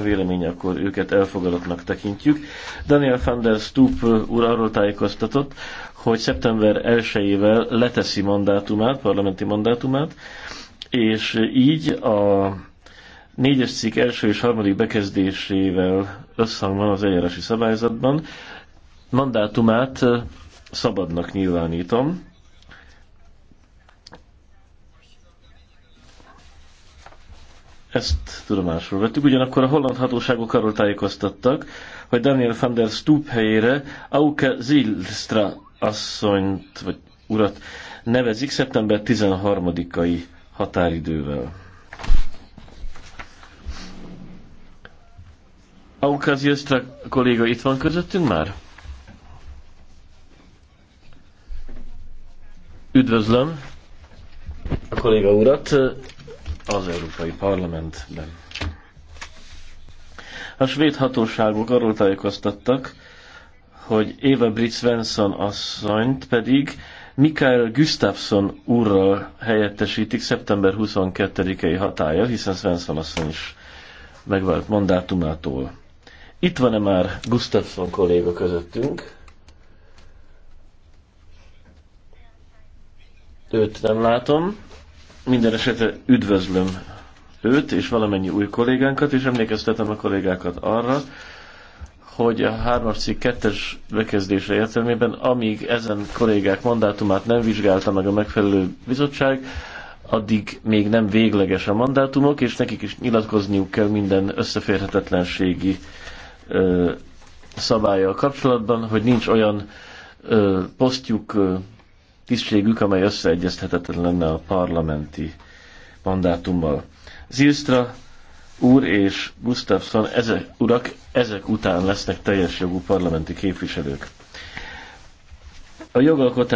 vélemény, akkor őket elfogadottnak tekintjük. Daniel van der Stoop úr arról tájékoztatott, hogy szeptember 1-ével leteszi mandátumát, parlamenti mandátumát, és így a négyes cikk első és harmadik bekezdésével összhangban az eljárási szabályzatban mandátumát szabadnak nyilvánítom. Ezt tudomásul vettük. Ugyanakkor a holland hatóságok arról tájékoztattak, hogy Daniel van der Stoop helyére Auke Zilstra asszonyt, vagy urat nevezik szeptember 13-ai határidővel. Auke Zilstra kolléga itt van közöttünk már? Üdvözlöm a kolléga urat az Európai Parlamentben. A svéd hatóságok arról tájékoztattak, hogy Eva Britt Svensson asszonyt pedig Mikael Gustafsson úrral helyettesítik szeptember 22-i hatája, hiszen Svensson asszony is megvált mandátumától. Itt van-e már Gustafsson kolléga közöttünk? Őt nem látom. Minden esetre üdvözlöm őt és valamennyi új kollégánkat, és emlékeztetem a kollégákat arra, hogy a 3 cikk 2 bekezdése értelmében, amíg ezen kollégák mandátumát nem vizsgálta meg a megfelelő bizottság, addig még nem végleges a mandátumok, és nekik is nyilatkozniuk kell minden összeférhetetlenségi szabálya szabálya kapcsolatban, hogy nincs olyan ö, posztjuk, ö, tisztségük, amely összeegyezthetetlen lenne a parlamenti mandátummal. Zilstra úr és Gustafsson, ezek, urak, ezek után lesznek teljes jogú parlamenti képviselők. A jogalkotás